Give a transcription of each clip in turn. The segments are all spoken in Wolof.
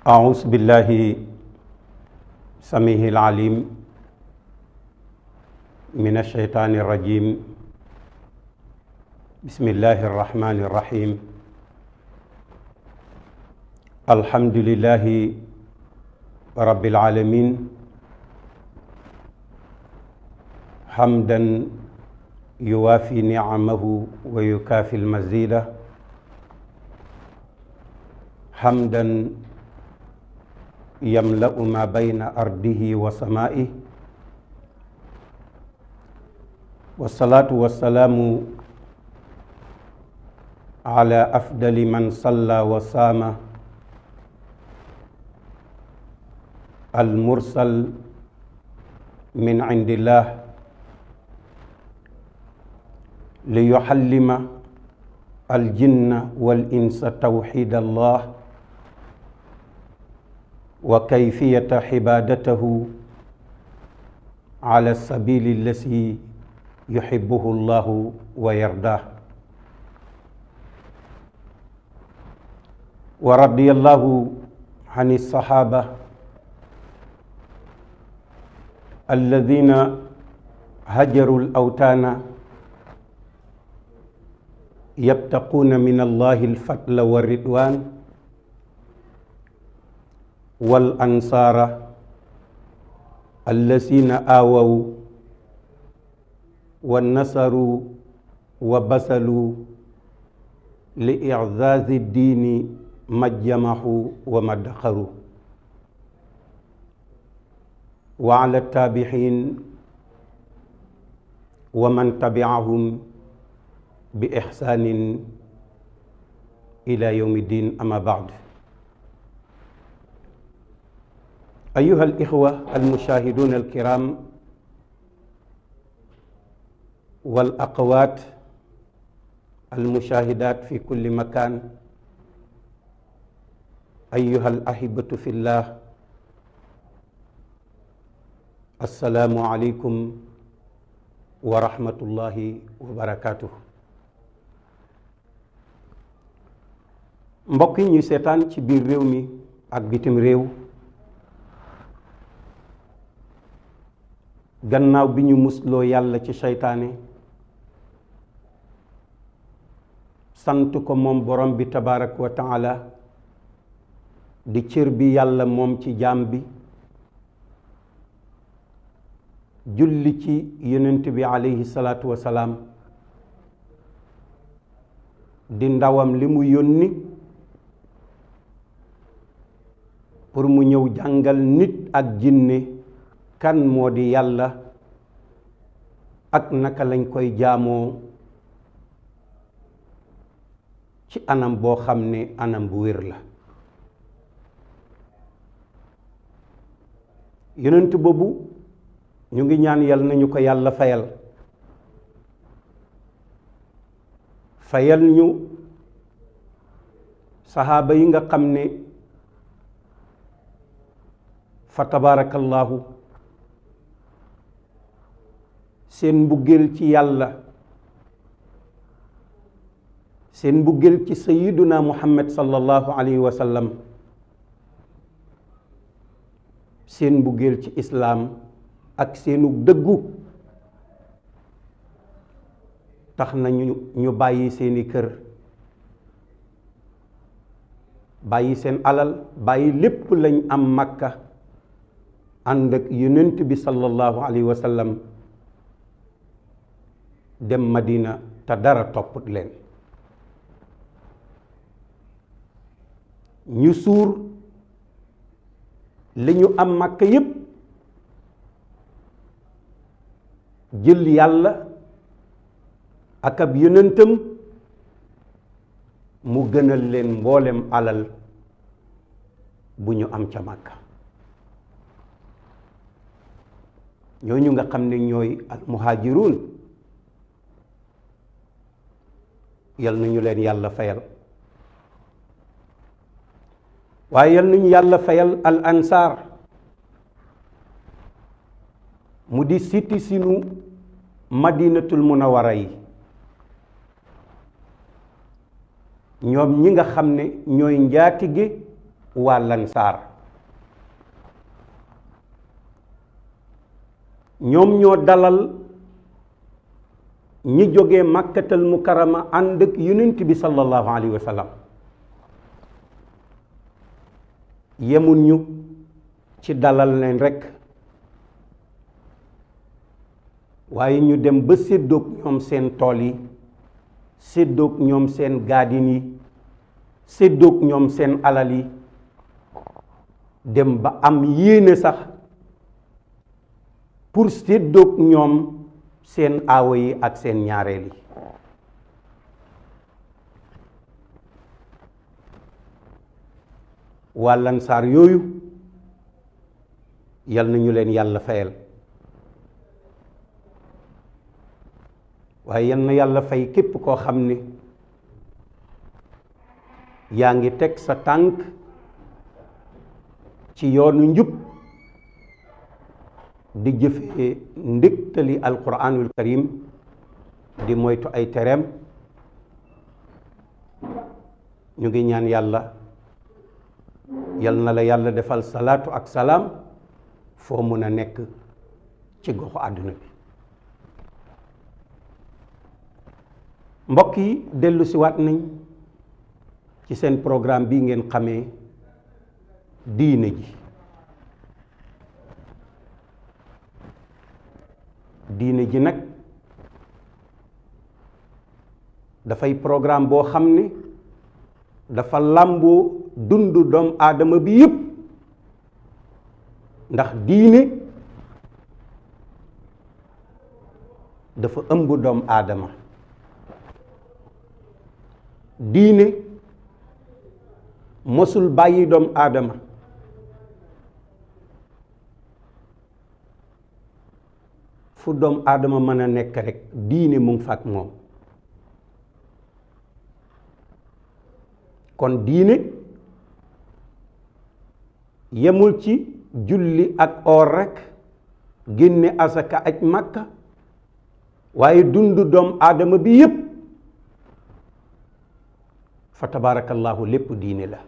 أعوذ بالله سميه العليم من الشيطان الرجيم بسم الله الرحمن الرحيم الحمد لله رب العالمين حمدا يوافي نعمه ويكافي المزيد حمدا يملا ما بين ارضه وسمائه والصلاه والسلام على افضل من صلى وصام المرسل من عند الله ليحلم الجن والانس توحيد الله وكيفية عبادته على السبيل الذي يحبه الله ويرضاه ورضي الله عن الصحابة الذين هجروا الأوتان يبتقون من الله الفضل والرضوان والأنصار الذين آووا ونصروا وبسلوا لإعزاز الدين ما جمحوا وما ادخروا وعلى التابعين ومن تبعهم بإحسان إلى يوم الدين أما بعد أيها الإخوة المشاهدون الكرام والأقوات المشاهدات في كل مكان أيها الأحبة في الله السلام عليكم ورحمة الله وبركاته مبقيني سيطان تبير ريومي أكبتم ريو, gannaaw bi ñu musloo yàlla ci seytaane sant ko moom borom bi tabarak wa taala di cër bi yàlla moom ci jaam bi julli ci yonent bi aleyhi salaatu salaam di ndawam li mu yónni pour mu ñëw jàngal nit ak jinné kan moo di yàlla ak naka lañ koy jaamoo ci anam boo xam ne anam bu wér la yonent boobu ñu ngi ñaan yal nañu ko yàlla fayal fayal ñu saxaaba yi nga xam ne fa tabaarakallaahu Sen mbuggeel ci sen seen mbuggeel ci sayyiduna muhammad sallallahu alaihi wasallam, sen seen Islam, ci islam ak senu deggu tax na ñu ñu seeni kër bayyi seen alal bayyi lepp lañ am makka ànd ak wasallam. bi sallallahu alaihi wasallam dem Madina te dara topp leen ñu suur li ñu am Makka yépp jël yàlla ak ab yonentam mu gënal leen mboolem alal bu ñu am ca Makka ñooñu nga xam ne ñooy al muhaajiruun yal nañu leen yàlla fayal waaye yal nañu yàlla fayal al ansaar mu di siti sinu madinatul a yi ñoom ñi nga xam ne ñooy njaatige waa lansaar ñoom ñoo dalal ñi jógee màkkatal mukarama ànd ak yonent bi sallallahu alayhi wa sallam ci dalal leen rekk waaye ñu dem ba séddoog ñoom seen tool yi séddoog ñoom seen gaadin yi séddoog ñoom seen alal yi dem ba am yéene sax pour séddoog ñoom sen awi yi ak sen ñaarel yi walan sar yoyu yal nañu len yalla fayal waye yal yalla fay kep ko xamni yaangi tek sa tank ci yoonu njub di jëfee ndégtali alquranul karim di moytu ay tereem ñu ngi ñaan yàlla yal na la yàlla defal salaatu ak salaam foo mën a nekk ci goxu àdduna bi mbokk yi dellu waat nañ ci seen programme bi ngeen xamee diine ji diine ji nag dafay programme boo xam ne dafa làmboo dund doom aadama bi yépp ndax diine dafa ëmb doom aadama diine mosul bàyyi doom aadama fu doom adama mën a nekk rek diine mu ngi moom kon diine yemul ci julli ak oor rek génne asaka aj màkka waaye dundu doom aadama bi yépp fa tabaarakallaahu lépp diine la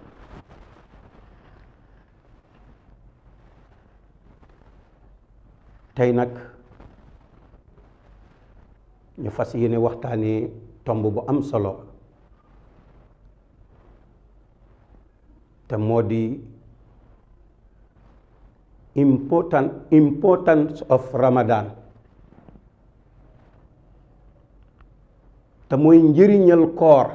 tey nag ñu fas yéene waxtani tombu bu am solo ta modi di important importance of Ramadan ta moy njëriñal koor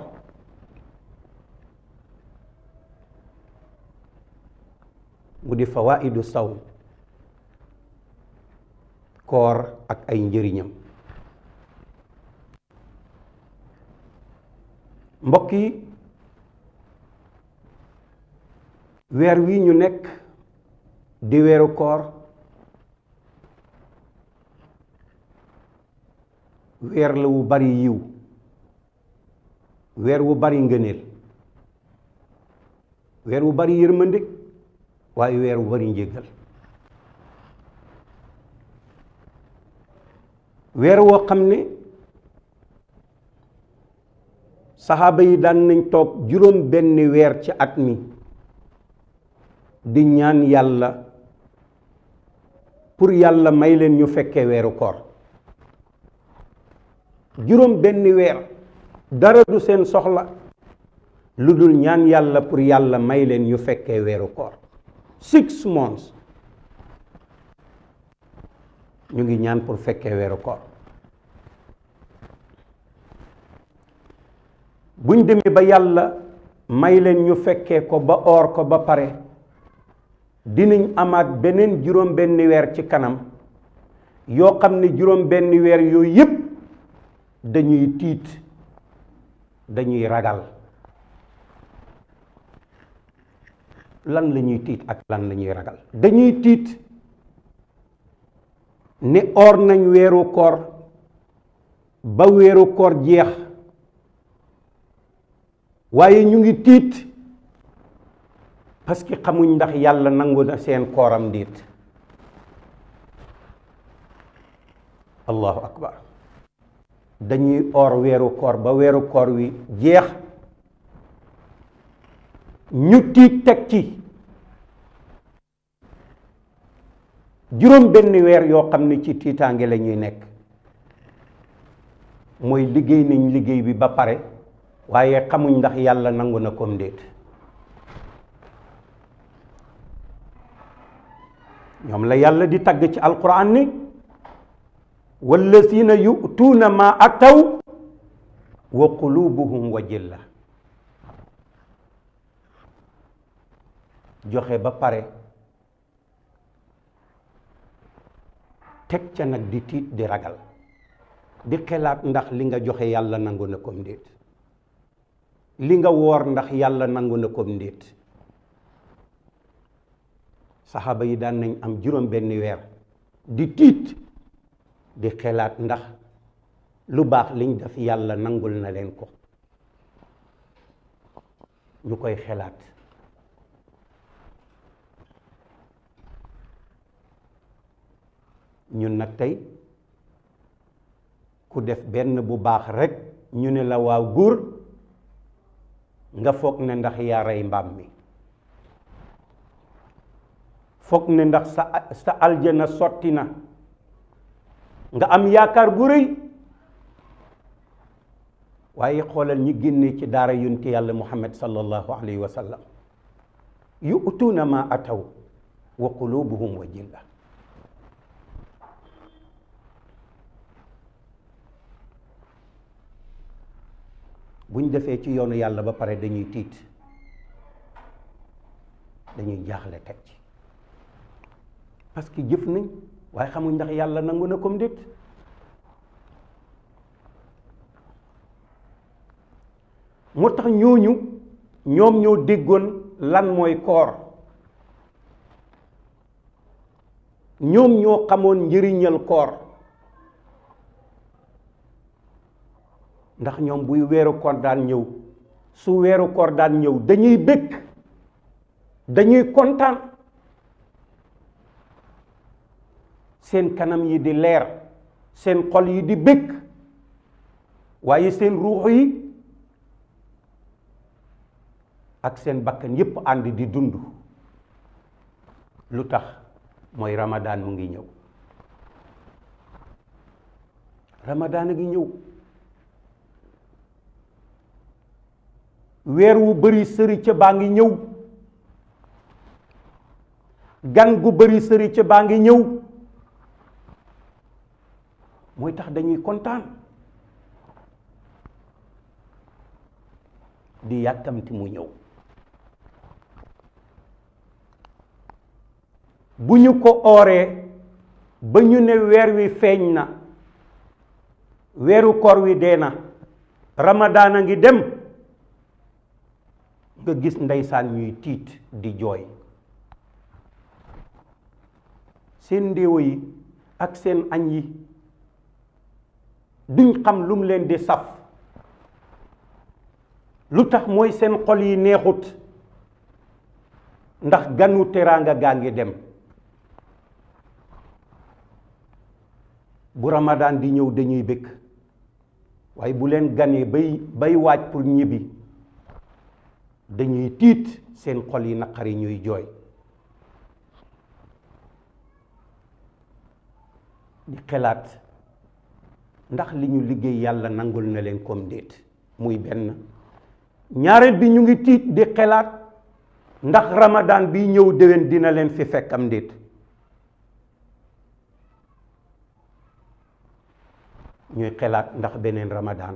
mudi fawaidu sawm koor ak ay njëriñam mbokk yi weer wi ñu nekk di weeru koor weer la wu bari yiw weer wu bari ngëneel weer wu bari yërmande waaye weer wu bari njégal weer woo xam ne saxaaba yi daan nañ toog juróom benn weer ci at mi di ñaan yàlla pour yàlla may leen ñu fekkee weeru koor juróom benn weer dara du seen soxla lu dul ñaan yàlla pour yàlla may leen ñu fekkee weeru koor six months ñu ngi ñaan pour fekkee weeru koor buñ demee ba yàlla may leen ñu fekkee ko ba oor ko ba pare dinañ amaat beneen juróom benni weer ci kanam yoo xam ne juróom benni weer yooyu yépp dañuy tiit dañuy ragal lan lañuy tiit ak lan lañuy ragal dañuy tiit ne oor nañ weeru koor ba weeru koor jeex waaye ñu ngi tiit parce xamuñ ndax yàlla nangu na seen kooram ndiit allahu akbar dañuy or weeru koor ba weeru koor wi jeex ñu tiit teg ci juróom benn weer yoo xam ne ci tiitaange lañuy nekk mooy liggéey nañ liggéey bi ba pare waaye xamuñ ndax yàlla nangu na koom déet ñoom la yàlla di tagg ci alquran ni wallazina yu'tuuna ma ataw wa qulubuhum wajilla joxe ba pare teg ca nag di tiit di ragal di xelaat ndax li nga joxe yàlla nangu na koom déet li nga woor ndax yàlla nangu na kom ndéet saxaaba yi daan nañ am juróom benn weer di tiit di xelaat ndax lu baax liñ def yàlla nangul na leen ko ñu koy xelaat ñun nag tey ku def benn bu baax rekk ñu ne la waaw góor nga foog ne ndax yaa rey mbaam mi foog ne ndax sa sa aljana sotti na nga am yaakaar bu rëy waaye xoolal ñi génne ci daara yonti yàlla muhammad sallallahu alayhi wa sallam yu'tuuna ma ataw wa qulubuhum wajila bu ñu defee ci yoonu yàlla ba pare dañuy tiit dañuy jaaxle teg ci parce que jëf nañ waaye xamuñ ndax yàlla nangu na comme déet moo tax ñooñu ñoom ñoo déggoon lan mooy koor ñoom ñoo xamoon njëriñal koor ndax ñoom buy wéeru koor daan ñëw su wéeru koor daan ñëw dañuy bëgg dañuy kontaan seen kanam yi di leer seen xol yi di bëgg waaye seen ruux yi ak seen bakkan yépp ànd di dund lu tax mooy mu ngi ñëw ramadaan a ngi weer wu bëri sëri ca baa ngi ñëw gan gu bari sëri ca baa ngi ñëw mooy tax dañuy kontaan di yàkkamti mu ñëw bu ñu ko ooree ba ñu ne weer wi feeñ na weeru koor wi dee na ramadaana ngi dem nga gis ndeysaan ñuy tiit di jooy seen ndéewa yi ak seen añ yi duñ xam lu mu leen di saf lu tax mooy seen xol yi neexut ndax ganu teraanga gaa ngi dem bu ramadaan di ñëw dañuy bëgg waaye bu leen ganee bay bay waaj pour ñibbi dañuy tiit seen xol yi naqari ñuy jooy di xelaat ndax li ñu liggéey yàlla nangul na leen comme ndéet muy benn ñaareel bi ñu ngi tiit di xelaat ndax ramadaan bi ñëw déwén dina leen fi fekk am déet ñuy xelaat ndax beneen ramadaan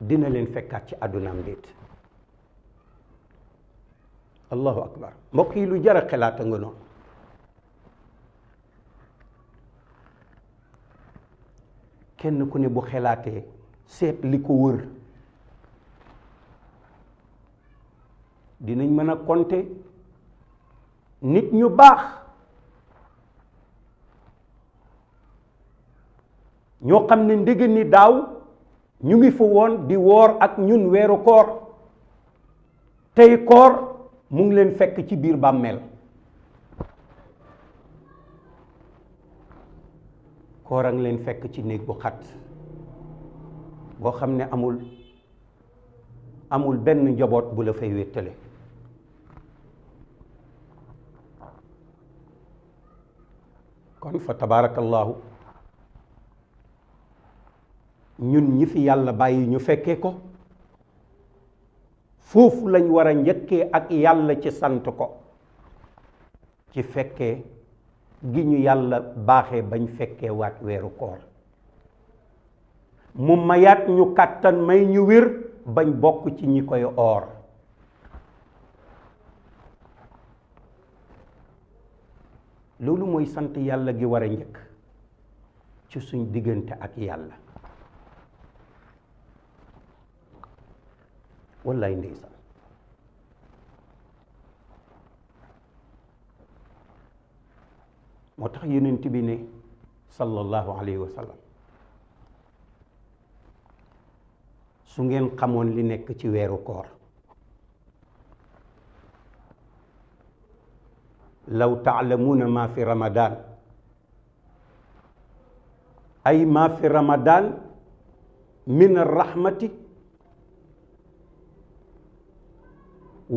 dina leen fekkaat ci àddunaam déet allahu akbar mbokk yi lu jara xelaata xelaat nga noonu kenn ku ne bu xelaatee seet li ko wër dinañ mën a konte nit ñu baax ñoo xam ne ndege ni daaw ñu ngi fa woon di woor ak ñun weeru koor tey koor mu ngi leen fekk ci biir bàmmeel koor leen fekk ci néeg bu xat boo xam ne amul amul benn njoboot bu la fay wéttale kon fa tabaarakallaahu ñun ñi fi yàlla bàyyi ñu fekkee ko foofu lañ war a njëkkee ak yàlla ci sant ko ci fekkee gi ñu yàlla baaxe bañ fekkee waat weeru koor mu mayaat ñu kàttan may ñu wér bañ bokk ci ñi koy oor loolu mooy sant yàlla gi war a njëkk ci suñ diggante ak yàlla والله નહીં sir moo tax yonent bi ne sallallahu alayhi wa sallam su ngeen xamoon li nekk ci weeru koor law taalamuuna maa fi ramadan ay maa fi ramadan min arrahmati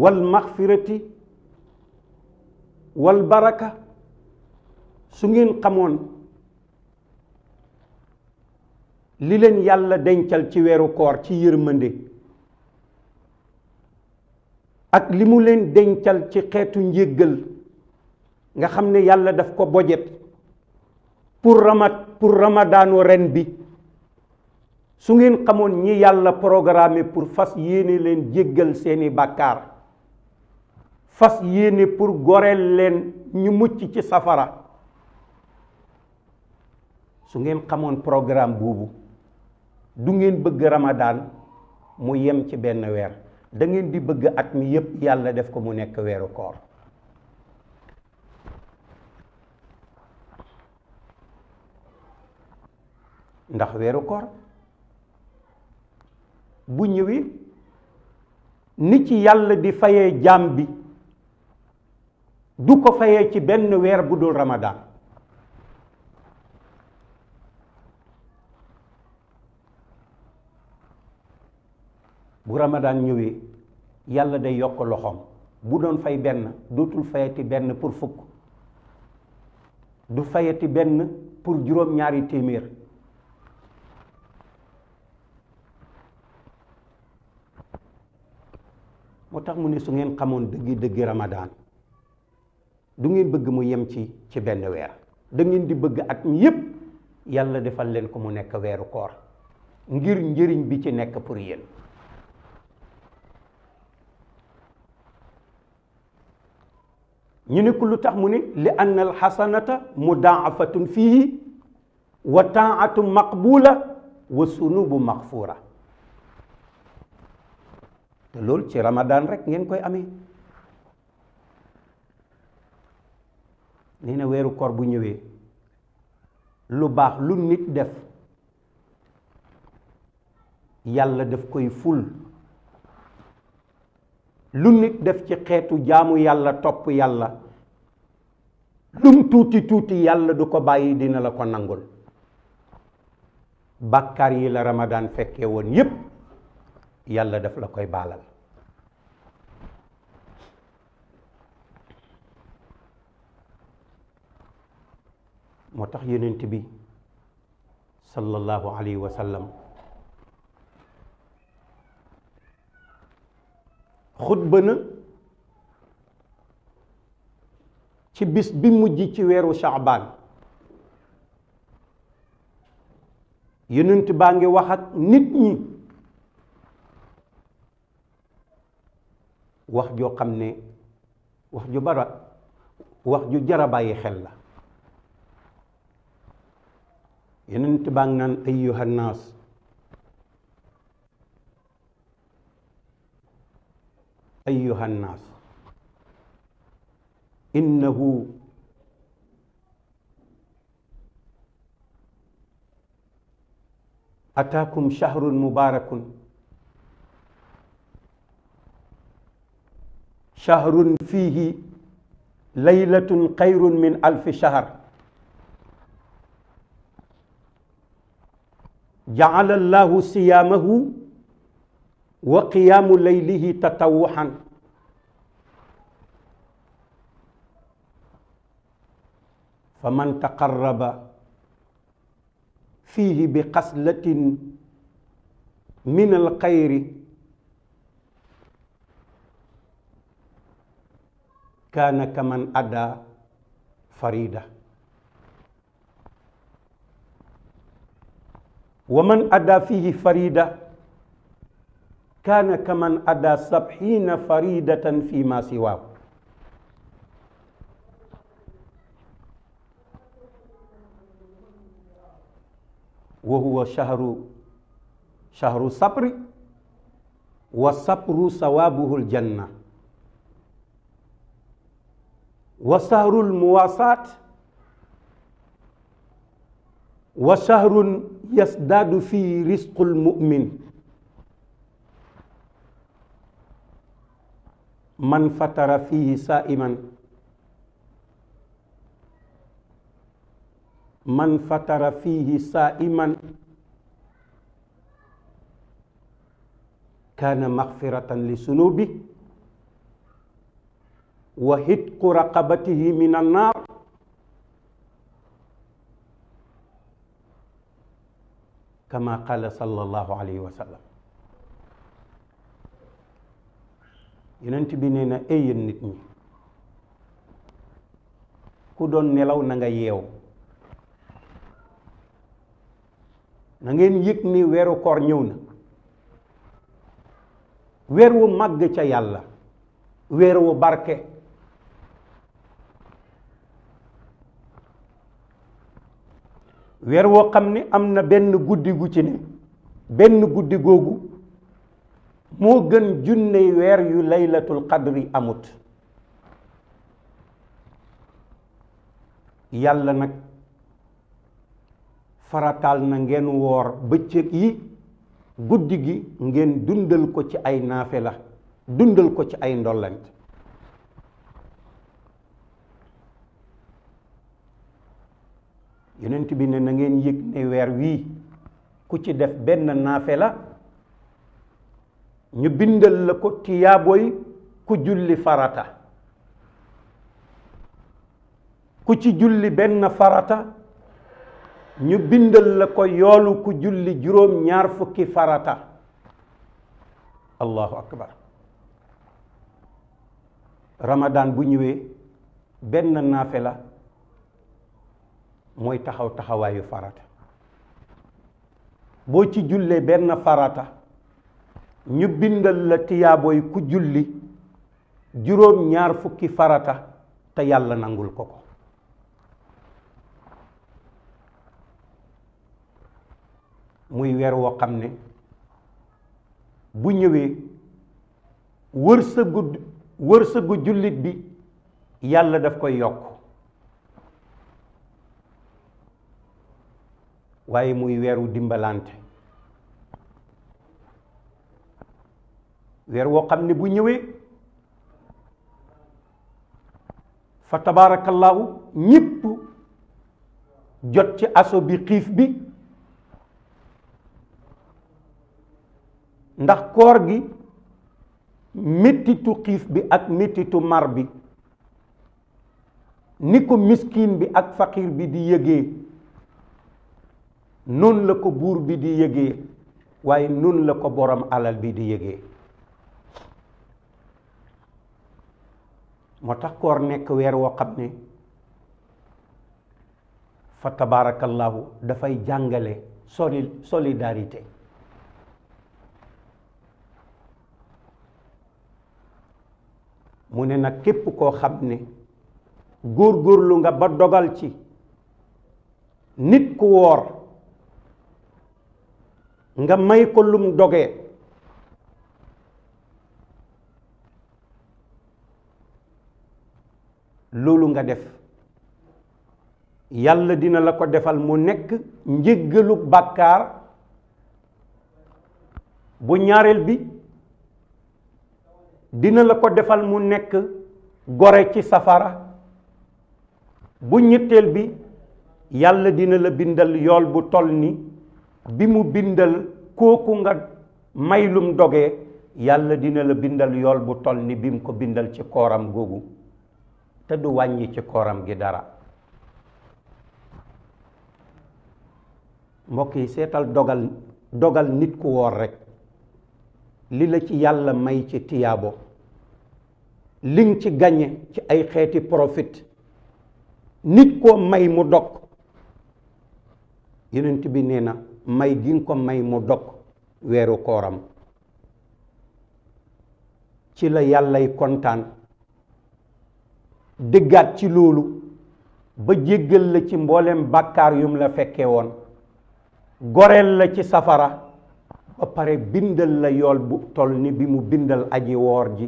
wal maxfirati wal baraka su ngeen xamoon li leen yàlla dencal ci weeru koor ci yërmande ak li mu leen dencal ci xeetu njéggal nga xam ne yàlla daf ko bojet pour ramat pour ramadaanu ren bi su ngeen xamoon ñi yàlla programme pour fas yéene leen jéggal seeni bàkkaar fas yene pour gorel len ñu mucc ci safara su ngeen xamone programme bubu du ngeen bëgg ramadan mu yem ci ben wër da ngeen di bëgg at mi yépp yalla def ko mu nekk wëru koor ndax wëru koor bu ni ci yalla di fayé jambi. du ko fayee ci benn weer bu dul ramadaan bu ramadaan ñëwee yàlla day yokk loxoom bu doon fay benn dootul fayati benn pour fukk du fayati benn pour juróom ñaari téeméer moo tax mu ne su ngeen xamoon dëggi dëggi ramadaan du ngeen bëgg mu yem ci ci benn weer dangeen di bëgg at mi yépp yàlla defal leen ko mu nekk weeru koor ngir njëriñ bi ci nekk pour yéen ñu ne ko lu tax mu ne li xasanata anna alxasanata mudaafatun fiihi wa taatu maqbula wa sunubu maxfuura te loolu ci ramadan rek ngeen koy amee nee na weeru kor bu ñëwee lu baax lu nit def yàlla daf koy ful lu nit def ci xeetu jaamu yàlla topp yàlla lum tuuti tuuti yàlla du ko bàyyi dina la ko nangul bàkkaar yi la ramadaan fekkee woon yépp yàlla daf la koy baalal motax yenen tibi sallallahu alayhi wa sallam xutba na ci bis bi mujj ci weeru sha'ban yonent baa ngi wax ak nit ñi wax jo xamne wax ju bara wax ju jara bàyyi xel la يننت بانن ايها الناس ايها الناس انه اتاكم شهر مبارك شهر فيه ليله خير من الف شهر جعل الله صيامه وقيام ليله تطوعا فمن تقرب فيه بقسلة من الخير كان كمن أدى فريده ومن أدى فيه فريدة كان كمن أدى سبعين فريدة فيما سواه وهو شهر شهر صبر والصبر ثوابه الجنة وسهر المواصات وشهر يزداد فيه رزق المؤمن من فتر فيه سائما من فتر فيه سائما كان مغفرة لذنوبه وهتق رقبته من النار kama qaala sallallahu alayhi wa sallam yonent bi nee na ay nit ñi ku doon nelaw na nga yeew na ngeen yëg ni weeru koor ñëw na weer wu màgg ca yàlla weer wu barke weer woo xam ne am na benn guddi gu ci ne benn guddi googu moo gën junney weer yu laylatul qadri amut yàlla nag farataal na ngeen woor bëccëg yi guddi gi ngeen dundal ko ci ay naafe la dundal ko ci ay ndollent yonent bi ne na ngeen yëg ne weer wii ku ci def benn naafe la ñu bindal la ko tiyaaboy ku julli farata ku ci julli benn farata ñu bindal la ko yoolu ku julli juróom ñaar fukki farata allahu akbar ramadan bu ñëwee benn naafe la mooy taxaw taxawaayu farata boo ci jullee benn farata ñu bindal la tiyaabooy ku julli juróom ñaar fukki farata te yàlla nangul ko ko muy weer woo xam ne bu ñëwee wërsëgu wërsëgu jullit bi yàlla daf koy yokk waaye muy weeru dimbalante weer woo xam ne bu ñëwee fa tabaarakallaahu ñépp jot ci aso bi xiif bi ndax koor gi mettitu xiif bi ak mettitu mar bi ni ko miskin bi ak faqir bi di yëgee nun la ko buur bi di yëgee waaye nun la ko borom alal bi di yëgee moo tax koor nekk weer woo xam ne fa tabarakallahu dafay jàngale soli solidarité mu ne nag képp koo xam ne góor góorlu nga ba dogal ci nit ku woor nga may ko lum dogee loolu nga def yàlla dina la ko defal mu nekk njëggalu bàkkaar bu ñaareel bi dina la ko defal mu nekk gore ci safara bu ñetteel bi yàlla dina la bindal yool bu toll ni bi mu bindal kooku nga may lum dogee yàlla dina la bindal yool bu toll ni bi mu ko bindal ci kooram googu te du wàññi ci kooram gi dara mbokk yi seetal dogal dogal nit ku woor rekk li la ci yàlla may ci tiyaabo liñ ci gañe ci ay xeeti profit nit koo may mu dog yonent bi nee na may gin ko may mu dog weeru kooram ci la yàllay kontaan dëggaat ci loolu ba jéggal la ci mboolem bàkkaar yum la fekke woon goreel la ci safara ba pare bindal la yool bu toll ni bi mu bindal aji woor ji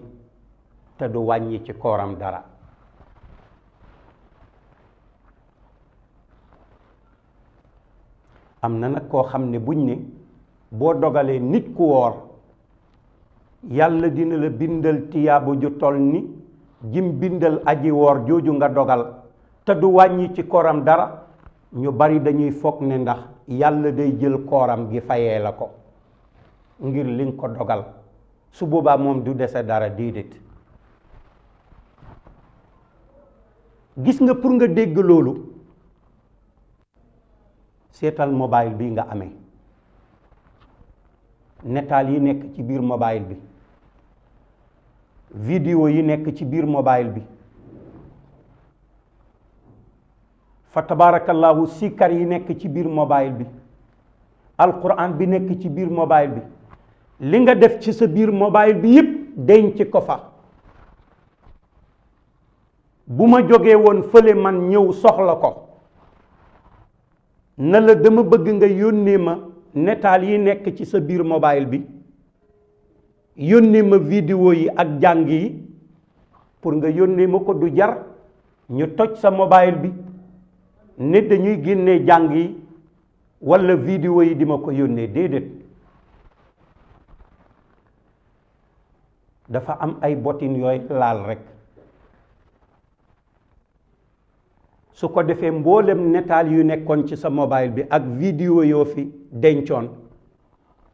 te du wàññi ci kooram dara am na nag koo xam ne buñ ne boo dogalee nit ku woor yàlla dina la bindal tiyaabu ju toll ni jim bindal aji woor jooju nga dogal te du wàññi ci koram dara ñu bari dañuy foog ne ndax yàlla day jël koram gi fayee la ko ngir li nga ko dogal su boobaa moom du dese dara déedéet gis nga pour nga dégg loolu seetal mobile bi nga amee netaal yi nekk ci biir mobile bi vidéo yi nekk ci biir mobile bi fa tabarakallahu sikar yi nekk ci biir mobile bi alquran bi nekk ci biir mobile bi li nga def ci sa biir mobile bi yépp denc ko fa bu ma jógee woon fële man ñëw soxla ko na la dama bëgg nga yónnee ma netaal yi nekk ci sa biir mobile bi yónnee ma vidéo yi ak jàng yi pour nga yónnee ma ko du jar ñu toj sa mobile bi ne dañuy génnee jàng yi walla vidéo yi di ma ko yónnee déedéet dafa am ay botin yooyu laal rekk su ko defee mboolem netaal yu nekkoon ci sa mobile bi ak vidéo yoo fi dencoon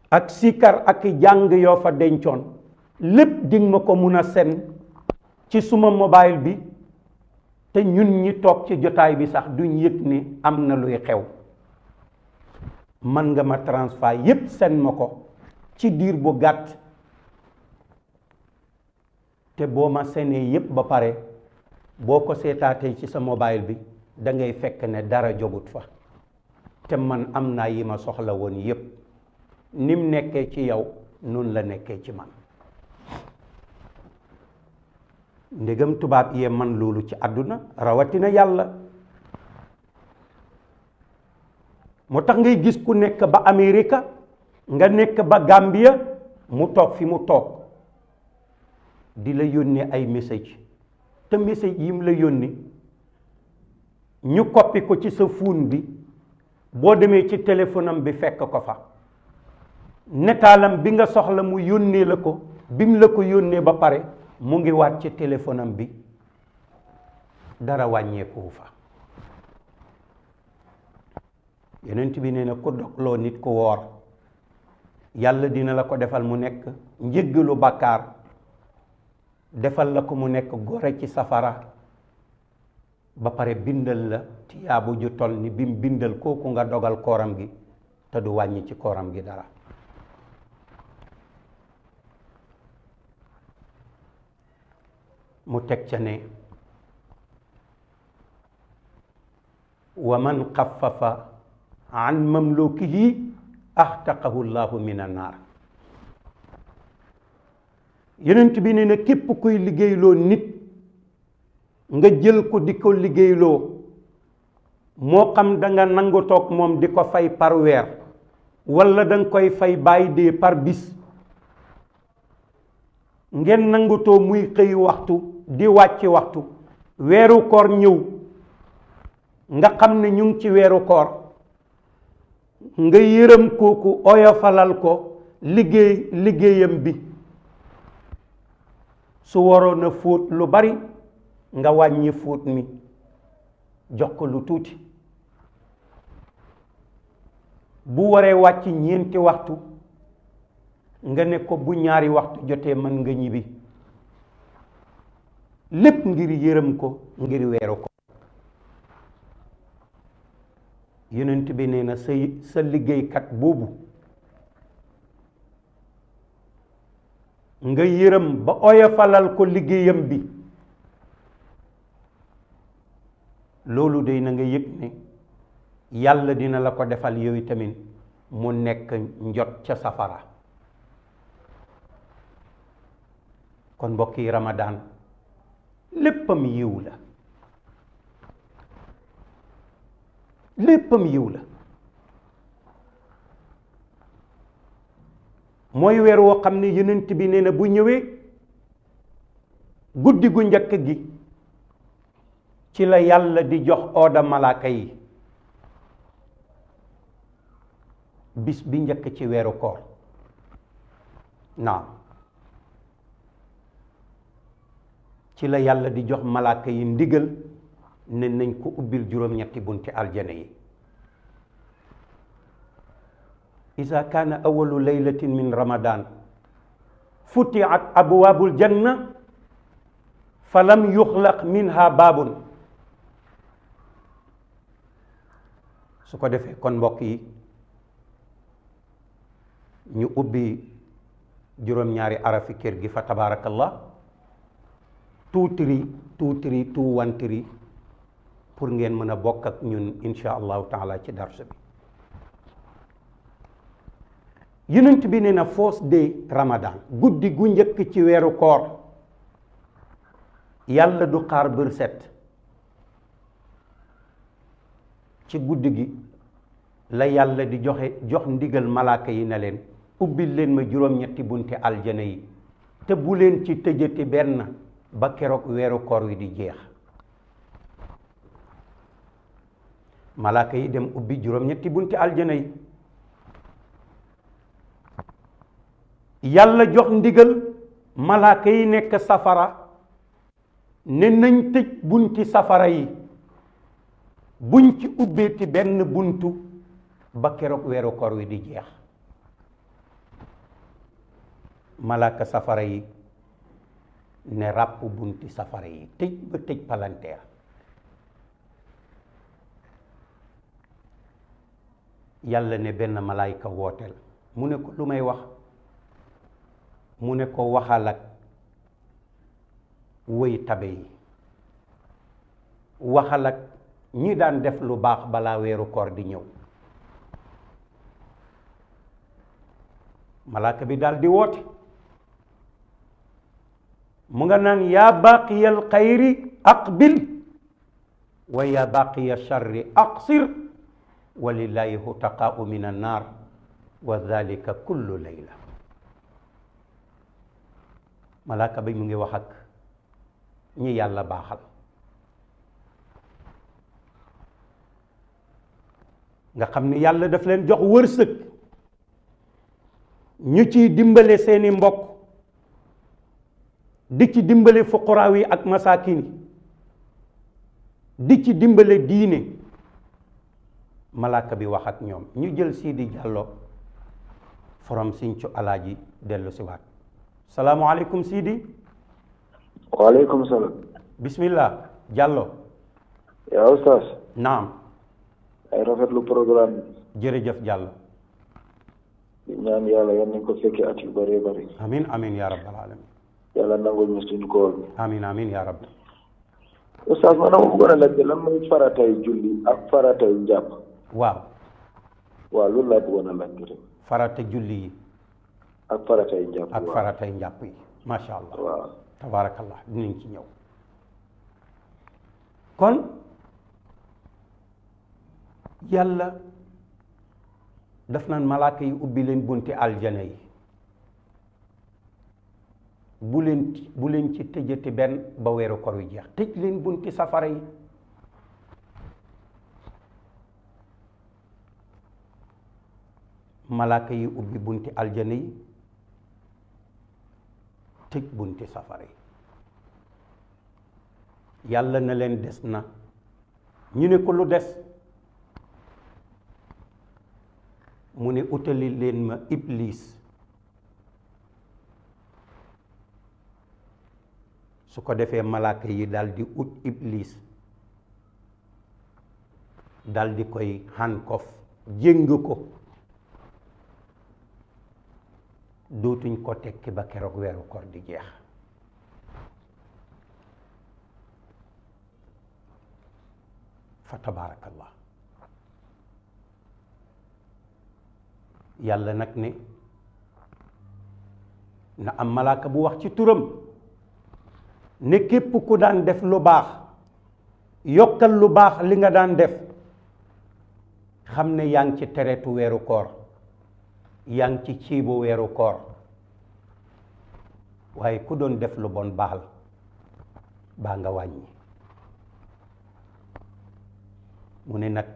ak sikar ak jàng yoo fa dencoon lépp dinga ma ko mun a sen ci suma mobile bi te ñun ñi toog ci jotaay bi sax duñ yëg ni am na luy xew man nga ma transfert yépp sen ma ko ci diir bu gàtt te boo ma senee yépp ba pare boo ko seetaatee ci sa mobile bi dangay fekk ne dara jogut fa te man am naa yi ma soxla woon yépp nim nekkee ci yow nun la nekkee ci man ndegam tubaab yee man loolu ci àdduna rawatina yàlla moo tax ngay gis ku nekk ba Amerika nga nekk ba Gambia mu toog fi mu toog di la yónnee ay message te message yim la yónni ñu koppi ko ci sa fuun bi boo demee ci téléphone bi fekk ko fa netaalam bi nga soxla mu yónnee la ko bi mu la ko yónnee ba pare mu ngi waat ci téléphone bi dara wàññeeku fa yonent bi nee na ku dogloo nit ku woor yàlla dina la ko defal mu nekk njëggalu bàkkaar defal la ko mu nekk gore ci safara ba pare bindal la tiyaabu ju toll ni bim bindal kooku nga dogal kooram gi te du wàññi ci kooram gi dara mu teg ca ne wa man xafafa an mamlukihi axtaqahu llahu min annaar yenent bi ne képp kuy liggéeyloo nit nga jël ko di ko liggéeyloo moo xam da nga moom di ko fay par weer wala da koy fay bàyyi de par bis ngeen nangutoo muy xëy waxtu di wàcc waxtu weeru koor ñëw nga xam ne ñu ngi ci weeru koor nga yërëm kooku oyofalal ko liggéey liggéeyam bi su waroon a fóot lu bari nga wàññi fóot mi jox ko lu tuuti bu waree wàcc ñeenti waxtu nga ne ko bu ñaari waxtu jotee mën nga ñibbi lépp ngir yërëm ko ngir weeru ko yonent bi nee na sa sa liggéeykat boobu nga yërëm ba oyofalal ko liggéeyam bi loolu day na nga yëg ne yàlla dina la ko defal yooyu tamit mu nekk njot ca safara kon mbokk yi ramadaan léppam yiw la léppam yiw la mooy weer woo xam ne yonent bi nee na bu ñëwee guddi gu njëkk gi ci la yàlla di jox ooda malaaka yi bis bi njëkk ci weeru koor naam ci la yàlla di jox malaaka yi ndigal ne nañ ko ubbil juróom-ñetti bunti aljana yi isa kaana awalu laylatin min ramadan futihat abwaabul janna falam yuxlaq minha baabun su ko defé kon mbokk yi ñu ubbi juróom-ñaari arafi kër gi fa tabarakallah two three tu wantri pour ngeen mëna a bokk ak ñun inshallah taala ci darsu bi bi neena na de day ramadan guddi gu njëkk ci wéru koor yalla du xaar bër set ci guddi gi la yàlla di joxe jox ndigal malaaka yi na leen ubbil leen ma juróom-ñetti bunte aljana yi te bu leen ci tëjati benn ba keroog weeru koor wi di jeex malaaka yi dem ubbi juróom-ñetti bunte aljana yi yàlla jox ndigal malaaka yi nekk safara ne nañ tëj bunti safara yi buñ ci ubbeeti benn buntu ba keroog weeru koor wi di jeex malaaka safara yi ne ràpp bunti safara yi tëj ba tëj palanteer yàlla ne benn malaayka wooteel mu ne ko lu may wax mu ne ko waxal ak woy tabe yi waxal ak ñi daan def lu baax balaa weeru koor di ñëw malaaka bi daal di woote mu nga naan yaa baqiyal ak aqbil wa yaa baqiya ak sir wa lillahi hutaqaau min naar wa dalika kullu layla malaaka bi mu ngi wax ak ñi yàlla baaxal nga xam ni yàlla daf leen jox wërsëg ñu ci dimbale seeni mbokk di ci dimbale fuqaraaw yi ak masaakin di ci dimbale diine malaaka bi wax ak ñoom ñu jël Sidi Diallo forom sincu alaaji dellu si waat salaamualeykum Sidi waaleykum salaam bismillah Diallo yaa ustaas naam ay lu programme bi. jërëjëf jàll di ñaan yàlla yan nañ ko fekkee at yu bëree bëri. amin amin yaa rabbal alamin. yàlla nangul ñu suñu koor amin amin yaa rabbi. oustaz man dama bëggoon a laajte lan mooy faratay julli ak faratay njàpp. waaw. waaw loolu laa bëggoon a laajte farata julli ak faratay njàpp yi macha allah. waaw tabaarakallah dinañ ci ñëw yàlla daf na malaaka yi ubbi leen bunti aljana yi bu leen bu leen ci tëjati benn ba weeru kor wi jeex tëj leen bunti safara yi malaaka yi ubbi bunti aljana yi tëj bunti safara yi yàlla na leen des na ñu ne ko lu des mu ne utali leen ma iblis su ko defee malaaka yi dal di ut iblis dal di koy xànkof jëng ko dootuñ ko tekki ba keroog weeru koor di jeex fa tabarakallah yàlla nag ne na am malaaka bu wax ci turam ne képp ku daan def lu baax yokkal lu baax li nga daan def xam ne yaa ngi ci teretu weeru koor yaa ngi ci ciibu weeru koor waaye ku doon def lu bon baaxal baa nga wàññi mu ne nag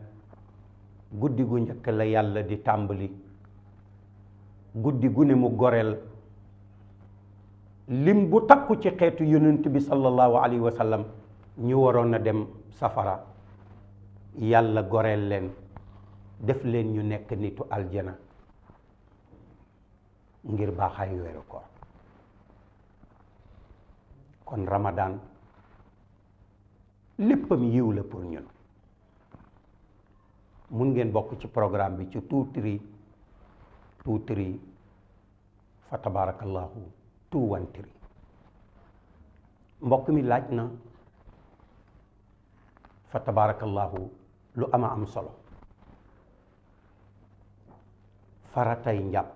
guddi gu njëkk la yàlla di tàmbali guddi gune mu goreel lim bu takku ci xeetu yonent bi sallallahu alayhi wa ñu waroon a dem safara yàlla goreel leen def leen ñu nekk nitu aljana ngir baaxaay weeru ko kon ramadaan léppam yiw la pour ñun mun ngeen bokk ci programme bi ci tuutiri two three fa tabarakallahu two one three mbokk mi laaj na fa tabarakallahu lu ama am solo faratay njàpp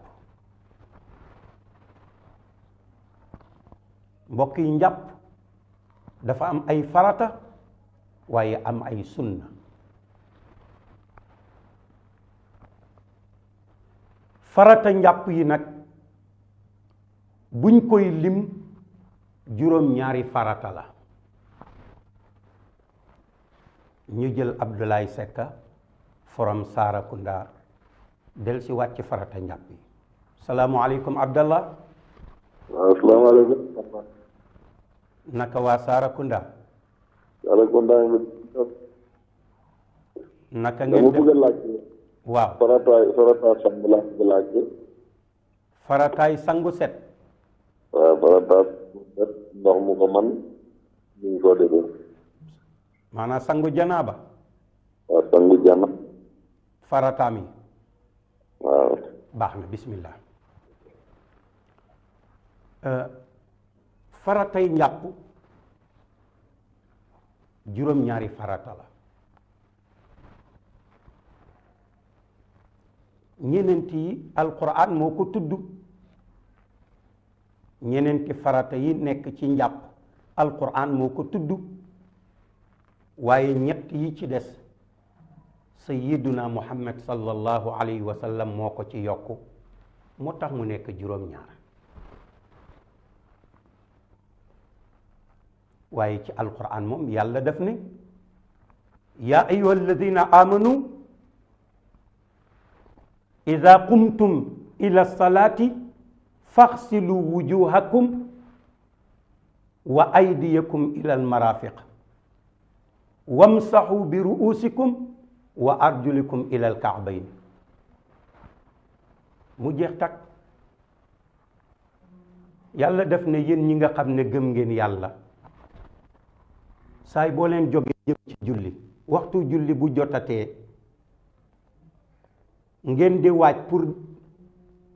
mbokk yi njàpp dafa am ay farata waaye am ay sunna farata njàpp yi nag buñ koy lim juróom-ñaari farata la ñu jël Abdoulaye Sekka forom Sarakunda del si wàcc farata njàpp yi salaamualeykum Abdallah waaw salaamaaleykum naka waa Sarakunda Sarakunda naka ngeen def waaw farataay farataay sangu laa bëgg laajte. farataay sangu set. waaw farataay sangu set ndox mu ko man ni ñu ko defee. maanaam sangu janaaba. waaw sangu jana. farataam waaw. baax na bismillah. faratay eh, njàpp juróom-ñaari Faratala. ñeneent yi alquran moo ko tudd ñeneenti farata yi nekk ci njàpp alquran moo ko tudd waaye ñett yi ci des sayyiduna muhammad sallallahu alayhi wa sallam moo ko ci yokk moo tax mu nekk juróom-ñaar waaye ci alquran moom yàlla def ne yaa ayuha alladina amanu ida qumtum ila salaati faxsilu wujuhakum wa aydiyakum ila almarafiq wamsaxu bi ruusikum wa arjulikum ila alkaabayn mu jeex takk yàlla def ne yéen ñi nga xam ne gëm ngeen yàlla saay boo leen jógee jëm ci julli waxtu julli bu jotatee ngeen di waaj pour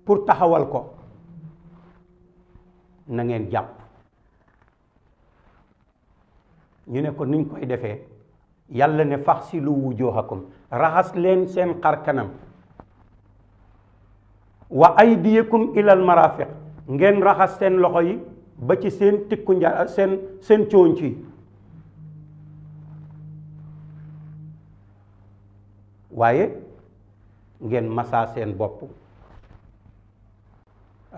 pour taxawal ko nangeen jàpp ñu ne ko niñ koy defee yàlla ne fax si lu wujuhakum raxas leen seen xar kanam wa aydiyakum ilal marafiq ngeen raxas seen loxo yi ba ci seen tikku nja seen seen cóonc yi waaye ngeen masaa seen bopp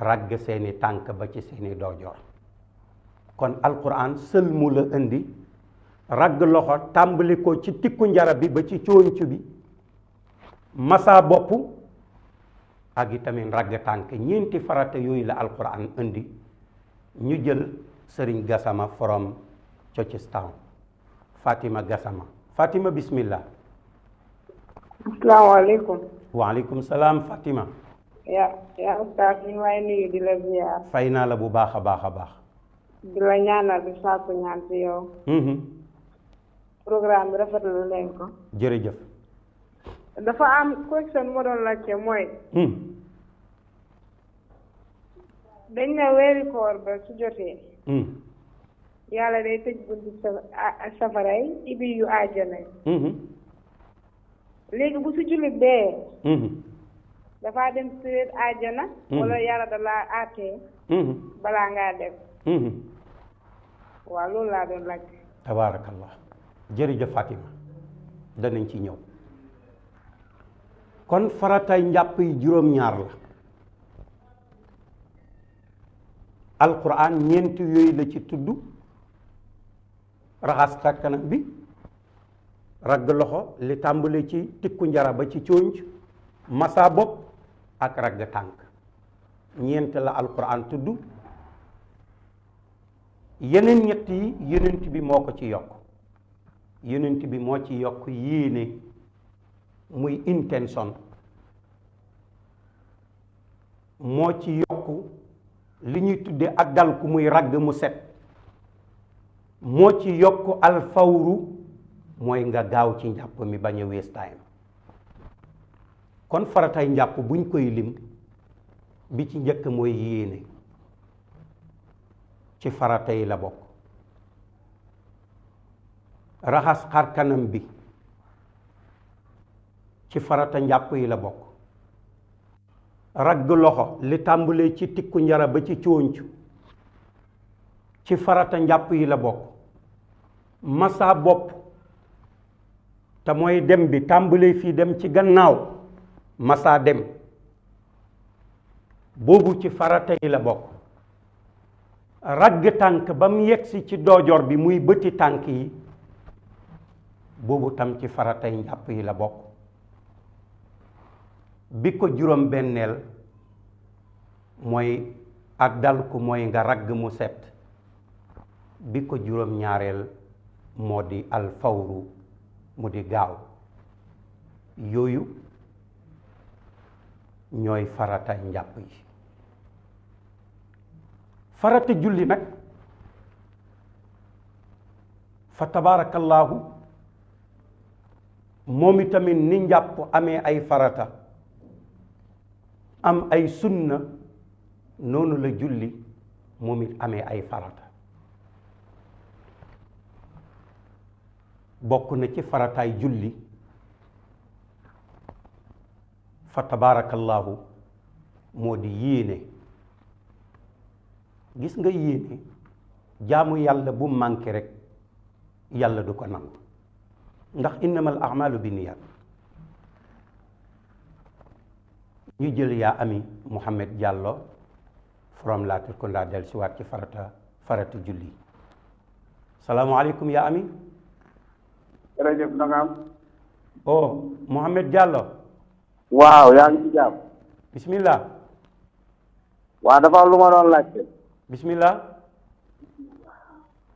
ragg seeni tànk ba ci seeni dojoor kon alquran sël la indi ragg loxo tàmbali ko ci tikku njarab bi ba ci cóoncu bi masaa bopp ak itamit ragg tànk ñeenti farata yooyu la alquran indi ñu jël sëriñ gasama forom Cochistown Fatima gasama Fatima bismillah asalaamaaleykum waaleykum salaam Fatima. yaa yaa oustaz ñu may nuyu di la ziar. fay naa la bu baax a baax a baax. di la ñaanal di sàkku ñaan ci yow. Mhm. programme bi rafetlu leen ko. jërëjëf. dafa am question moo doon laajte mooy. Mhm. dañ na weeri koor ba su jotee. Mhm. yàlla day tëj buntu sa safaray ibi yu aajana. léegi bu su jullit dee. Mhm. dafaa dem suweet àjjana. Mhm. wala yàlla da laa àttee. Mhm. balaa ngaa dem. waaw loolu laa doon laaj. tabaarakallah jërëjëf Fatima danañ ci ñëw kon faratay njàpp yi juróom-ñaar la alquran ñeent yooyu la ci tudd raxas kanam bi. ragg loxo li tàmbali ci tikku njara ba ci cóonc masaa bopp ak ragg tànk ñeent la alquran tudd yeneen ñett yi yenent bi moo ko ci yokk yenent bi moo ci yokk yéene muy intenson moo ci yokk li ñuy tudde ak dal ku muy ragg mu set moo ci yokk alfawru mooy nga gaaw ci njàpp mi bañ a time kon faratay njàpp buñ koy lim bi ci njëkk mooy yéene ci faratay la bokk raxas xar bi ci farata njàpp yi la bokk ragg loxo li tàmbalee ci tikku njara ba ci cóonc ci farata njàpp yi la bokk masa bopp te mooy dem bi tàmbalee fii dem ci gannaaw masaa dem boobu ci farata yi la bokk ragg tànk ba mu yegsi ci doojoor bi muy bëti tànk yi boobu tam ci faratay njàpp yi la bokk bi ko juróom benneel mooy ak dal ku mooy nga ragg mu set bi ko juróom ñaareel moo di alfawru mu di gaaw yooyu ñooy farata njàpp yi farata julli nag fa tabaarakallaahu moom tamit ni njàpp amee ay farata am ay sunna noonu la julli moom it amee ay farata bokk na ci farataay julli fa tabaarakallaahu moo di yéene gis nga yéene jaamu yàlla bu manqué rek yàlla du ko nangu ndax innamal a'maalu binniyaat ñu jël yaa ami Mouhamed jàllo from Latrikunda dellusiwaat ci farata farata julli salaamu aleykum yaa ami jërëjëf na nga am. oh Mouhamed Diallo. waaw yaa ngi ci jàmm. bisimilah. waaw dafa am lu ma doon laajte. bisimilah.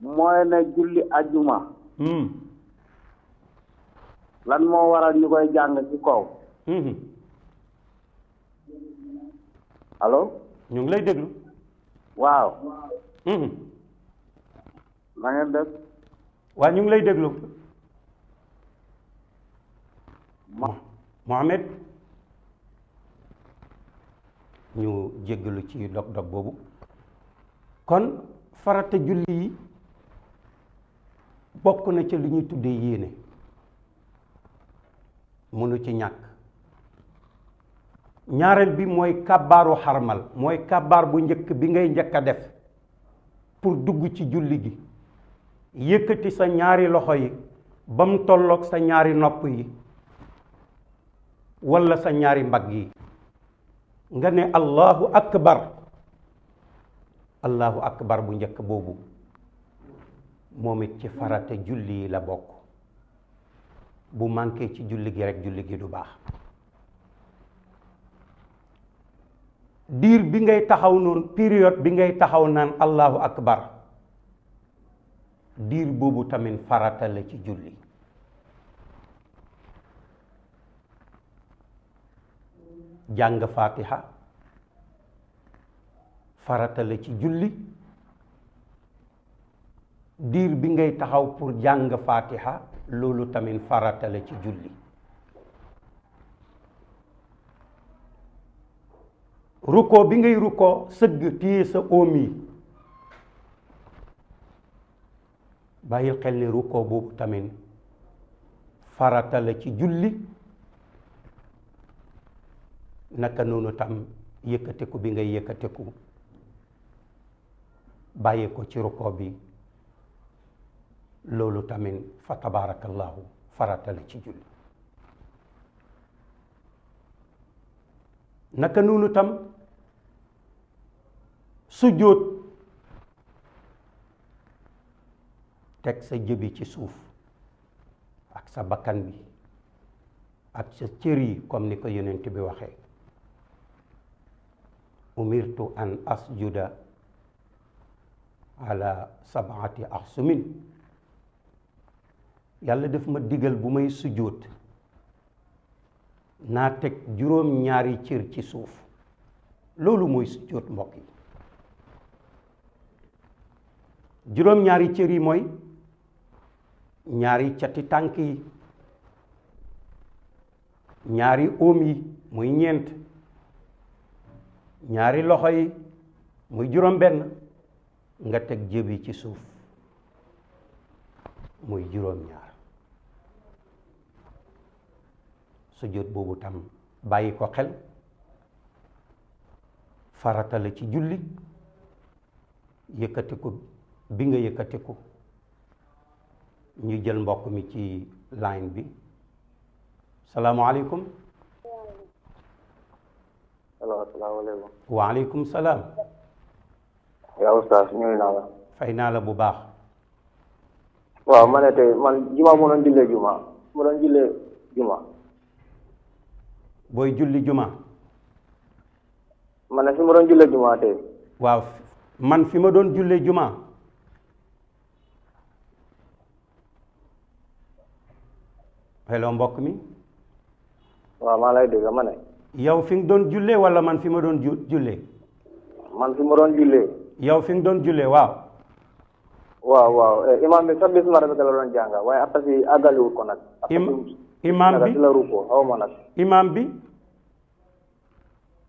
mooy ne julli ajjuma. Hmm. lan moo waral ñu koy jàng ci kaw. Hmm. allo. ñu ngi lay déglu. waaw. Hmm. na ngeen def. waaw ñu ngi lay déglu. Mohamed ñu jéggalu ci dog-dog boobu kon farata julli yi bokk na ci lu ñuy tuddee yéene mënu ci ñàkk ñaareel bi mooy kàbbaaru xarmal mooy kàbbaar bu njëkk bi ngay njëkk a def pour dugg ci julli gi yëkkati sa ñaari loxo yi ba mu tollook sa ñaari nopp yi walla sa ñaari mbagg yi nga ne allahu akbar allahu akbar bu njëkk boobu moom it ci farata julli yi la bokk bu manqué ci julli gi rek julli gi du baax diir bi ngay taxaw noonu période bi ngay taxaw naan allahu akbar diir boobu tamit farata la ci julli jàng fatiha farata ci julli diir bi ngay taxaw pour jàng fatiha loolu tamit farata ci julli rukkoo bi ngay rukkoo sëgg téye sa oom yi bàyyi xel ne rukkoo boobu tamit farata ci julli naka noonu tam yëkkateku bi ngay yëkkateku bàyyi ko ci rukkoo bi loolu tamit fa tabaarakallaahu farata la ci julli naka noonu tam sujjóot teg sa jëbi ci suuf ak sa bakkan bi ak sa cër yi comme ni ko yonent bi waxee umirtu an asjuda ala sab'ati ahsumin yalla def ma digal bu may sujud na tek jurom ñaari cër ci suuf loolu moy sujud mbokk yi jurom ñaari cër yi moy ñaari ciati tanki ñaari omi moy ñent ñaari loxo yi muy juróom benn nga teg jëbi ci suuf muy juróom ñaar sujjóot boobu tam bàyyi ko xel farata la ci julli yëkkatiku bi nga yëkkatiku ñu jël mbokk mi ci line bi salaamaaleykum allo asalaamaaleykum. waaleykum salaam. yaa oustaz ñëw naa la. fay naa la bu baax. waaw ma ne tey man juma mu mu doon jullee juma. booy julli juma. ma fi ma doon jullee juma tey. waaw man fi ma doon jullee jumaa hello mbokk mi. waaw maa lay dégg ma ne. yow fi jule doon wala man fi ma don jullee man fi ma don jullee yow fi nga doon waaw waaw waaw eh, imam bi sax bismillah rabbika la doon jàng atta fi agali wu ko nak imam bi la ruko xaw ma nak imam bi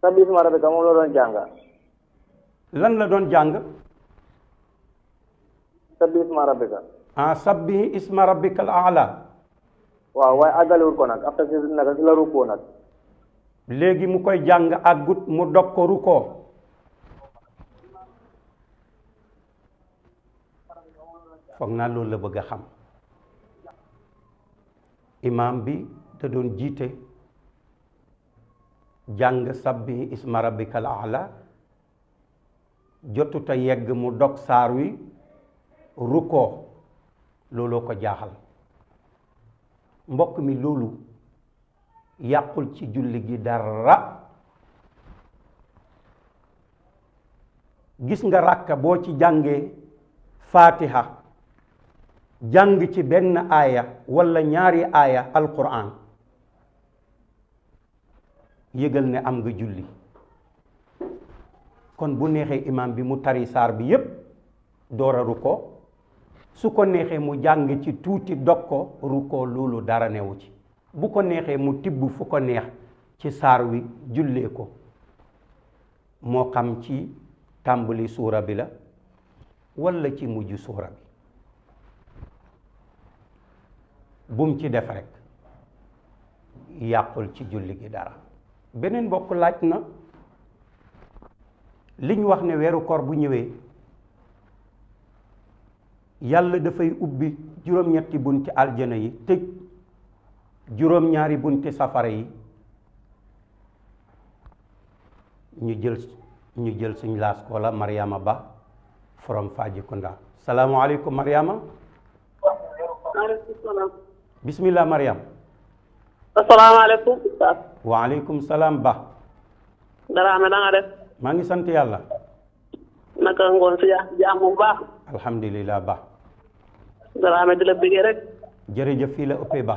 sabbi bismillah rabbika moom la doon lan la don jang sabbi isma rabbika ah sabbi isma rabbikal a'la waaw waaw agali wu ko nak atta fi nak la ru ruko nak legi mu koy jang agut mu dog ko rukkoo foog la bëgg xam imam bi da doon jiite jang sabbi isma rabbikal jotu ta yegg mu dok sar wi ruko lolo ko jaxal mbok mi yàqul ci julli gi dara gis nga ràkka boo ci jàngee faatiha jàng ci benn aaya walla ñaari aaya alquran yëgal ne am nga julli kon bu neexee imam bi mu tari saar bi yépp dooraru ko su ko neexee mu jàng ci tuuti dog ko ru loolu dara newu ci bu ko neexee mu tibb fu ko neex ci saar wi jullee ko moo xam ci tàmbali suura bi la walla ci mujj suura bi bum ci def rekk yàqul ci julli gi dara beneen bokk laaj na liñ wax ne weeru kor bu ñëwee yàlla dafay ubbi juróom-ñetti bunti aljana yi tëj juróom ñaari bunti safara yi ñu jël ñu jël suñ laas ko la Mariama Ba from Fajikunda alaykum Mariama bismillah Mariam asalaamaaleykum wa alaykum salam Ba daraame da nga def ma ngi sant yalla naka ngon si jamu ba alhamdulillah Ba daraame di la bëggee rek jërëjëf fi la ëppee Ba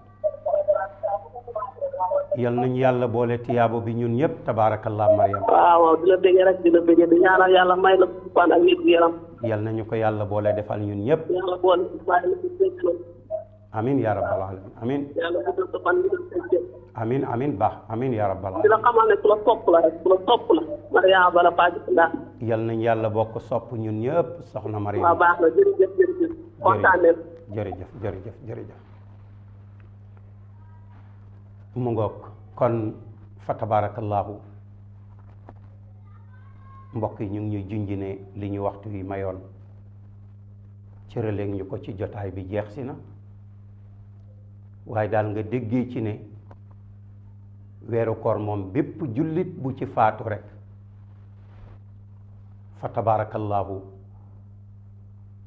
yal nañu yàlla boole tiyaabo bi ñun ñëpp tabaarakallah Mariam. waaw waaw di la rek di la di ñaanal yàlla may la fan ak yëg yaram. yal nañu ko yàlla boole defal ñun ñëpp. yàlla boole amin ya rabbal alamin amin. yàlla amin amin baax amin ya rabbal alamin. di la xamal ne ku la sopp la rek ku la sopp la. Mariam bala Pajisila. yal nañu yàlla bokk sopp ñun ñëpp soxna Mariam. waaw baax na jërëjëf jërëjëf mu ngoog kon fa tabaarakallaahu mbokk yi ñu ngi ñuy ne li ñu waxtu yi mayoon cëraleeg ñu ko ci jotaay bi jeex si na waaye daal nga déggee ci ne weeru koor moom bépp jullit bu ci faatu rek fa tabaarakallaahu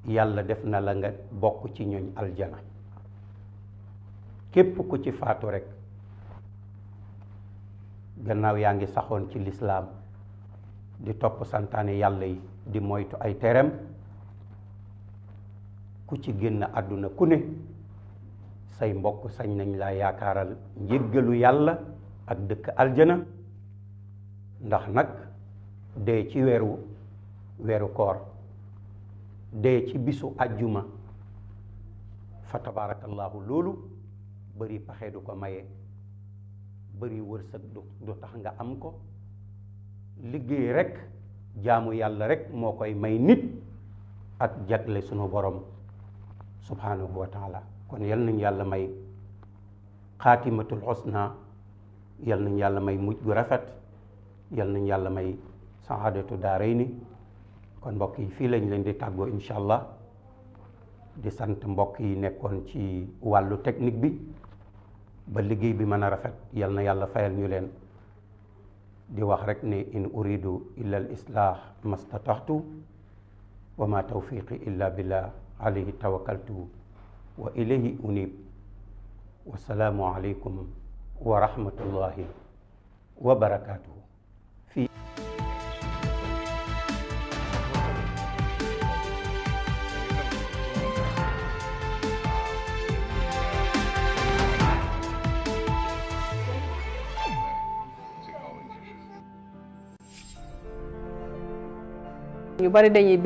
yàlla def na la nga bokk ci ñooñ aljana képp ku ci faatu rekk gannaaw yaa ngi saxoon ci lislaam di topp santaane yàlla yi di moytu ay tereem ku ci génn àdduna ku ne say mbokk sañ nañ laa yaakaaral njëggalu yàlla ak dëkk aljana ndax nag dee ci weeru weeru koor dee ci bisu ajjuma fa tabaarakallaahu loolu bari paxe du ko maye bari wërsëg du du tax nga am ko liggey rek jaamu yalla rek mo koy may nit ak jagle sunu borom subhanahu wa taala kon yal nañ yalla may khatimatul husna yal nañ yalla may mujj gu rafet yal nañ yalla may saadatu daarayni kon mbokk yi fi lañ leen di taggo inshallah allah di sante mbokk yi nekkon ci walu technique bi ba liggéey bi mën a rafet yal na yàlla fayal ñu leen di wax rek ne in uridu illa al islaax mastataxtu wa ma tawfiqi illa billah alayhi tawakkaltu wa ilayhi unib wasalaamu alaykum wa rahmatullahi wa barakaatu ñu bari dañuy